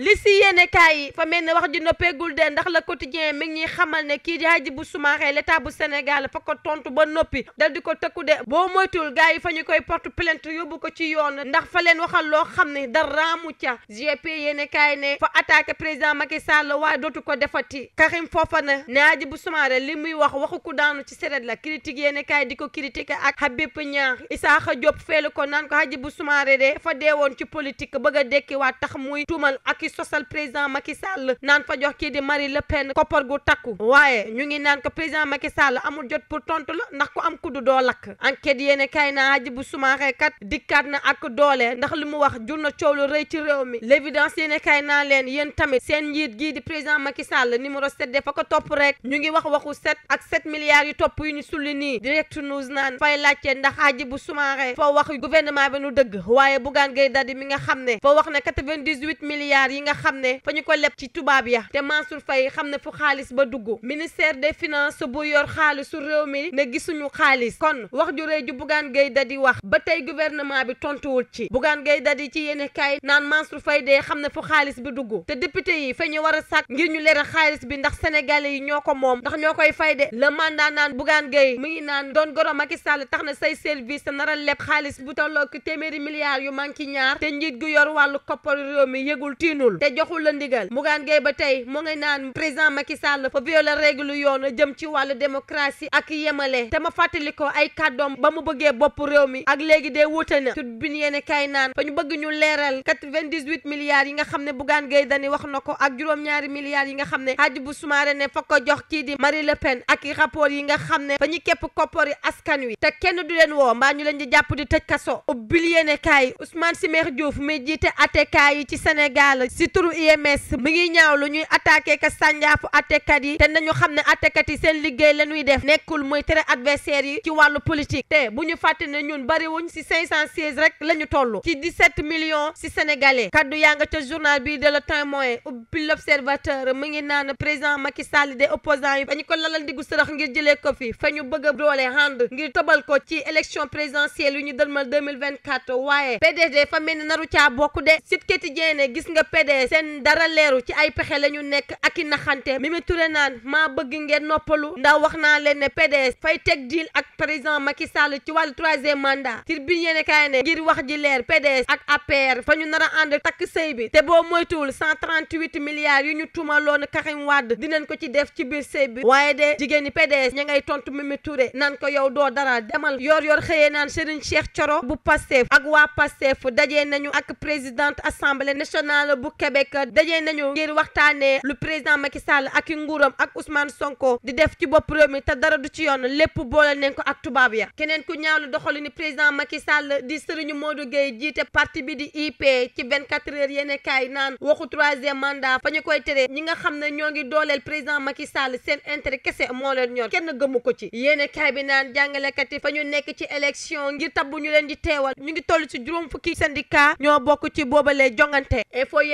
li si yéene kaay yi fa mel ne wax di noppeegul de ndax la quotidien mi ngi ñuy xamal ne kii di Hadjibou Soumaré l'état bu Sénégal fa ko tontu ba noppi dal di ko tëkku de boo moytuwul gars yi fa ñu koy porte plainte yóbbu ko ci yoon ndax fa leen waxal loo xam ne dara mu ca GP yéene kaay ne fa attaqué président Macky la waaye dootu ko defati Karim Fofana ne bu Soumaré li muy wax waxu ku daanu ci seret la critique yéene kaay di ko critiqué ak Habib Niang Isaaxa Diop feelu ko naan ko Hadjibou Soumaré de fa deewoon ci politique bëgg a dekkiwaat tax muy ak sosal président Macky Sall naan fa jox kii di Marine Le Pen koppar gu takku waaye ñu ngi naan ko président Macky Sall amul jot pour tontu la ndax ku am kuddu doo lakk enquête yéene naa na bu Soumaré kat dikkaat na ak doole ndax li mu wax jur na coow lu rëy ci réew mi l'évidence yéene kay naa leen yéen tamit seen njiit gii di président Macky Sall numéro 7 fa ko topp rek ñu ngi wax waxu 7 ak 7 milliards yu topp yu ñu sulli nii direct news naan fay laajte ndax Hadjibou Soumaré foo wax gouvernement bi nu dëgg waaye Bougane Gueye mi nga xam ne foo wax ne 98 milliards yi yi nga xam ne fa ñu ko leb ci tubaab ya te Mansour Faye xam ne fu xaalis ba dugg ministère des finance bu yor xaalisu réew mi ne gisuñu xaalis kon wax ju rëy ju Bougane Gueye Dany wax ba tey gouvernement bi tontuwul ci Bougane Gueye Dany ci yéen kaay naan Mansour Faye de xam ne fu xaalis ba dugg te député yi fa ñu war a sàkk ngir ñu leeral xaalis bi ndax sénégalais yi ñoo ko moom ndax ñoo koy fay de le mandat naan Bougane Gueye mu ngi naan doon goro Macky Sall tax na say service te nar a leb xaalis bu tollook téeméeri milliards yu manqué ñaar te njiit yor génnul te joxul la ndigal Bougane Gueye ba tey mu ngay naan président Macky Sall fa violer règle yoon jëm ci wàllu démocratie ak yemale te ma fàttali ko ay kàddoom ba mu bëggee bopp réew mi ak léegi dee wuute na tut bin yéene kay naan fa ñu bëgg ñu leeral milliards yi nga xam ne Bougane Gueye Dany wax na ko ak juróom-ñaari milliards yi nga xam ne Hadjibou Soumaré ne fa ko jox kii di Marie Le Pen ak rapport yi nga xam ne fa ñu képp koppori askan wi te kenn si turu UMS mi ngi ñaaw lu ñuy attaqué ka sànjaafu attekat yi te nañu xam ne attekat yi seen liggéey la ñuy def nekkul muy tere adversaire yi ci wàllu politique te bu ñu fàtte ne ñun bariwuñ si 516 rek la ñu toll ci 17 millions si sénégalais kaddu yaa nga ca journal bi de Le Témoin ubbi L'Observateur mi ngi naan président Macky Sall des opposants yi dañu ko lalal diggu sërëx ngir jëlee ko fi fa ñu bëgg a doole hand ngir tëbal ko ci élection présidentielle yu ñu dëlmal 2024 waaye PDS fa mel ni naru caa bokk PDS seen dara leeru ci ay pexe la ñu nekk ak i naxante Mimi Touré naan maa bëgg ngeen noppalu ndax wax naa leen ne PDS fay teg deal ak président Macky Sall ci wàllu troisième mandat tir bi yéene kaay ne ngir wax ji leer PDS ak APR fa ñu nar a ànd takk sëy bi te boo moytuwul 138 milliards yi ñu tuumaloon Karim Wade dinañ ko ci def ci biir sëy bi waaye de jigéen ñi PDS ña ngay tontu Mimi Touré naan ko yow doo dara demal yoor yor xëyee naan Serigne Cheikh Thioro bu Pastef ak waa Pastef dajee nañu ak présidente assemblée nationale bu Québec dajee nañu ngir waxtaanee lu président Macky Sall ak i nguuram ak Ousmane Sonko di def ci bopp réew mi te dara du ci yoon lépp boole nañ ko ak tubaab ya keneen ku ñaawlu doxali ni président Macky Sall di Serigne Modou Gueye jiite parti bi di IP ci 24 heures yéen kaay naan waxu troisième mandat fa ñu koy tere ñi nga xam ne ñoo ngi dooleel président Macky Sall seen intérêt kese moo leen ñor kenn gëmu ko ci yéen kaay bi naan jàngalekat yi fa ñu nekk ci élection ngir tabbu ñu leen di teewal ñu ngi toll ci juróom fukki syndicat ñoo bokk ci boobalee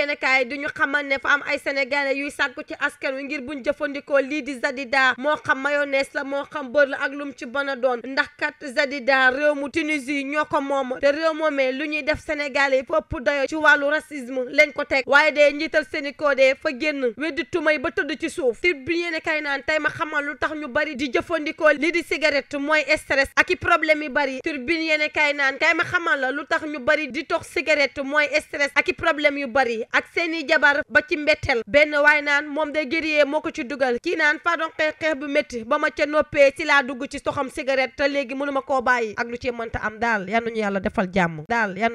yéenekaay yi du ñu xamal ne fa am ay sénégalais yuy sàkku ci askan wi ngir buñ jëfandikoo lii di Zadida moo xam la moo xam la ak lum ci bën a doon ndax kat Zadida réew mu Tunisie ñoo ko moom te réew moomee lu ñuy def sénégalais yi ci wàllu racisme lañ ko teg waaye de njiital Sénégal de fa génn weddi tumay ba tëdd ci suuf si bi yéenekaay naan tey ma xamal lu tax ñu bari di jëfandikoo lii di cigarette mooy stress ak i problème yi bari turbine yéenekaay naan kay ma xamal la lu tax ñu bari di tox cigarette mooy stress ak i problème yu bari ak seeni jabar ba ci mbetteel benn waay naan moom de gër guerrier moo ko ci dugal kii naan faa doon xeex xeex bu métti ba ma ca noppee ci laa dugg ci soxam cigarette te léegi mënuma koo bàyyi ak lu ci mënta am daal yal na ñu yàlla defal jàmm daal